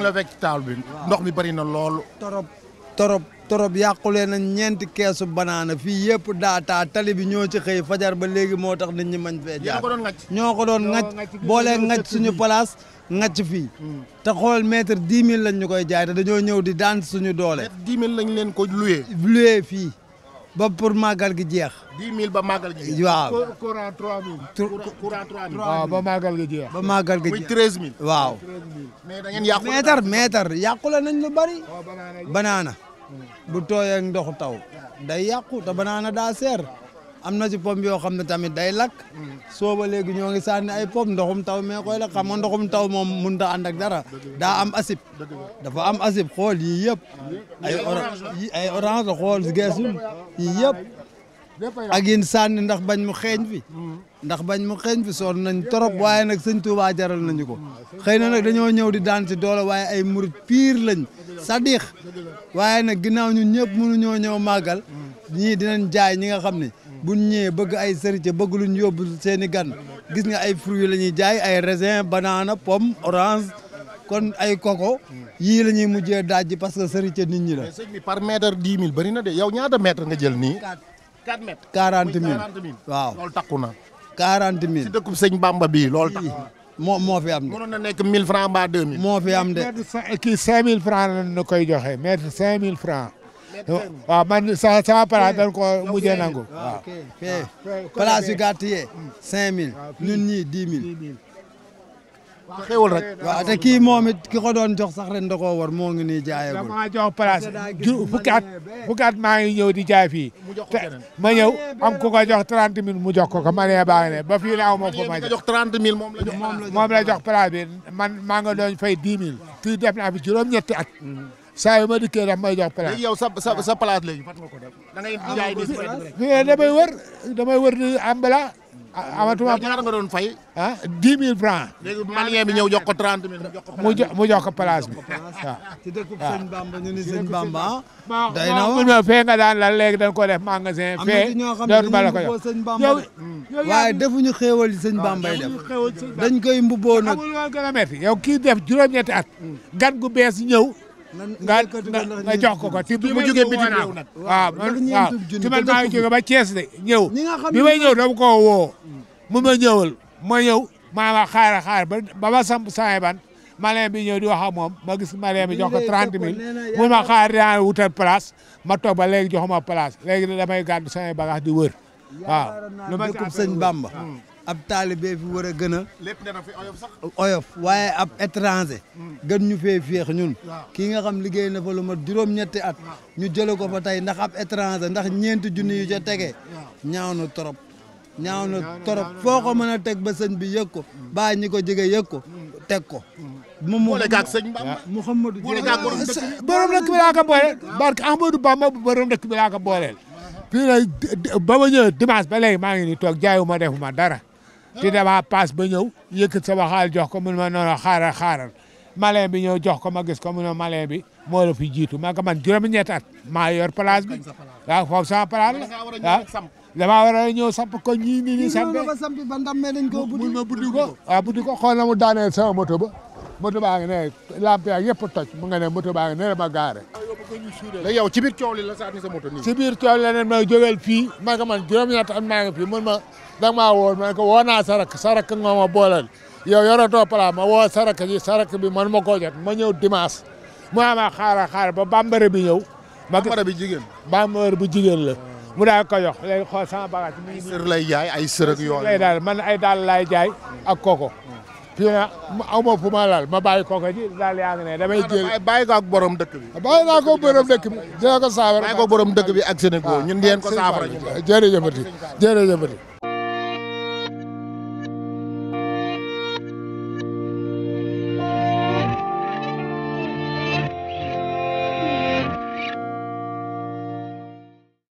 ngi la fekk taal bi ndox mi bari na lool. torop torop torop yàqule na ñeenti keesu banaana fii yëpp daataa tali bi ñoo ci xëy fajar ba léegi moo tax nit ñi mañ fee jaar ñoo ko doon ŋacc boolee ŋacc suñu place ŋacc fii hmm. te xool mètre dix mille lañ ñu koy jaay te dañoo ñëw di daan suñu doole dix mille lañ leen ko luyee luyee fii ba pour màggal gi jeex. 10 000 ba màggal gi jeex. waaw courant 3 000. courant 3 000. waaw ba màggal gi jeex. waaw. mais da ngeen yàqu. meetar meetar yàqule nañ lu bari. Oh, banaana. bu tooyee ndox taw. day yàqu banaana daa seer. am na ci pom yoo xam ne tamit day lakk sooba léegi ñoo ngi sànni ay pom ndoxum taw mais koy la xam nga ndoxum taw moom mun a ànd ak dara daa am asib dafa am asib xool yii yëpp ay orange ay orange xool geesul yii yëpp ak yéen sànni ndax bañ mu xeeñ fi ndax bañ mu xeeñ fi soon nañ trop waaye nag sëñ Touba jaral nañu ko xëy na nag dañoo ñëw di daan ci doole waaye ay murit piir lañ sadiq waaye nag ginnaaw ñu ñëpp mënu ñoo ñëw màggal ñii dinañ jaay ñi nga xam ne bu ñëwee bëgg ay charité bëgg lu ñu yóbbu seeni i gan gis nga ay fruits la ñuy jaay ay raisin banana pom orange kon ay koko yii la ñuy mujjee daaj parce que charité ni ñi la. par mètre dix mille bëri na de yow ñaata mètre nga jël nii. 4 mètres 40 mille waaw loolu takku na. 40 mille si dëkkub sëñ Bamba bii loolu takku moo moo fi am de. mënoon na nekk 1000 francs mbaa 2000. moo fi am de. kii 5000 francs koy joxe mètre 5000 francs. waaw man sama sama palaas dañ ko mujjee nangu waaw. place yu gàtt yee. 5000 ñun ñii 10 000. waaw xewul rek kii moom it ki ko doon jox sax ren war moo ngi nii jaayagul. dama jox place maa ngi ñëw di jaay fii. ma ñëw am ku ko jox trente mille mu jox ko ko ma nee baax ne ba fii laaw ma foo ma jox trente mille moom la jox moom bi man maa nga doon fay dix mille. fii def naa fi juróom-ñetti at. Mm-hmm. saa yu ma dikkee daf may jox place. léegi sa sa sa place léegi fan nga ko def. da ngay ah, jaay bis damay wër damay wër di ambala. amatuma ñaata nga doon fay. ah dix mille francs. léegi malien bi ñëw jox ko trente mille. mu jox mu jox ko place bi waaw. Ah. ci dëkku ah. sëñ Bamba ñu ni sëñ Bamba. day na woon ma fee daan lan léegi dañ ko def magasin. fee dootu ma la ko jox yow mm. waaye defuñu xéewal yi sëñ Bamba yi dañ koy mbubboo nag amul woon gën yow kii def juróom-ñetti at. gan gu bees ñëw. nga nga jox ko ko ti mu jógee biti réew nag ah, waaw waaw ti man maa ngi jógee ba Thiès de ñëw bi may ñëw dama koo woo mu ma ñëwal ma ñëw maa ma xaar xaar ba ma samp saay ban malien bi ñëw di wax ak moom ma gis malien bi jox ko trente mille mu ma xaar daa wutal place ma toog ba léegi joxuma place léegi damay gàddu samay bagage di wër waaw. lu ma sëñ Bamba. Hmm. ab taalibe fi war a gën a. lépp dana fi oyof sax. oyof waaye ab étranger. Mm. gën ñu fee féex ñun. kii nga xam liggéey na fa lu mat juróom at. ñu jëlee ko fa tey ndax ab étranger ndax ñeenti junni yu ca mm. tege. ñaaw na trop. ñaaw na trop foo mën teg ba sëñ bi yëg ko. baa ñi ko jege yëg ko. Mm. teg ko. moom moo lekk ak sëñ Bamba. Ah, Mouhamadou borom dëkk bi laa ko booleel. barke Ahmadou Bamba borom dëkk bi laa ko booleel. fii lay maa ngi nii toog jaayuma defuma dara. te damaa paas ba ñëw yëkkat sama xaalis jox ko mun ma noonu xaaral xaaral malien bi ñëw jox ko ma gis ko mu ne malien bi moo la fi jiitu ma man juróomi ñetti at maa yor place bi waaw foofu sama place la waaw ah, damaa war ko ñii nii nii samp ba ndam me ko buddi ma buddi ko waaw ah, buddi ko xool na mu daaneel sama ba moto baa ngi ne lamp yaa yëpp toj ah, la sànni sa moto nii ci biir man juróomi ñetti at fi mun ma danga maa woo ma ne ko woo naa sarak sarak nga ma booleel yow yoratoo pala ma woo sarak ji sarak bi ma man ma koo jot ma ñëw dimanche mu ama xaaral xaaral ba bambara bi ñëw. ma bi jigéen bambara bi jigéen la. mu daal ko jox léegi xool sama bagage. ay sër lay jaay ay sër ak yoon lay daal man ay lay jaay ak koko. fii nag aw ma fu ma laal ma bàyyi koko ji daal yaa ngi ne damay jël bàyyi ko ak borom dëkk bi. bàyyi naa ko borom dëkk bi dina ko saafara. bàyyi ko borom dëkk bi ak Sénégal ñun di ko saafara. jërëjëfati jërëjëfati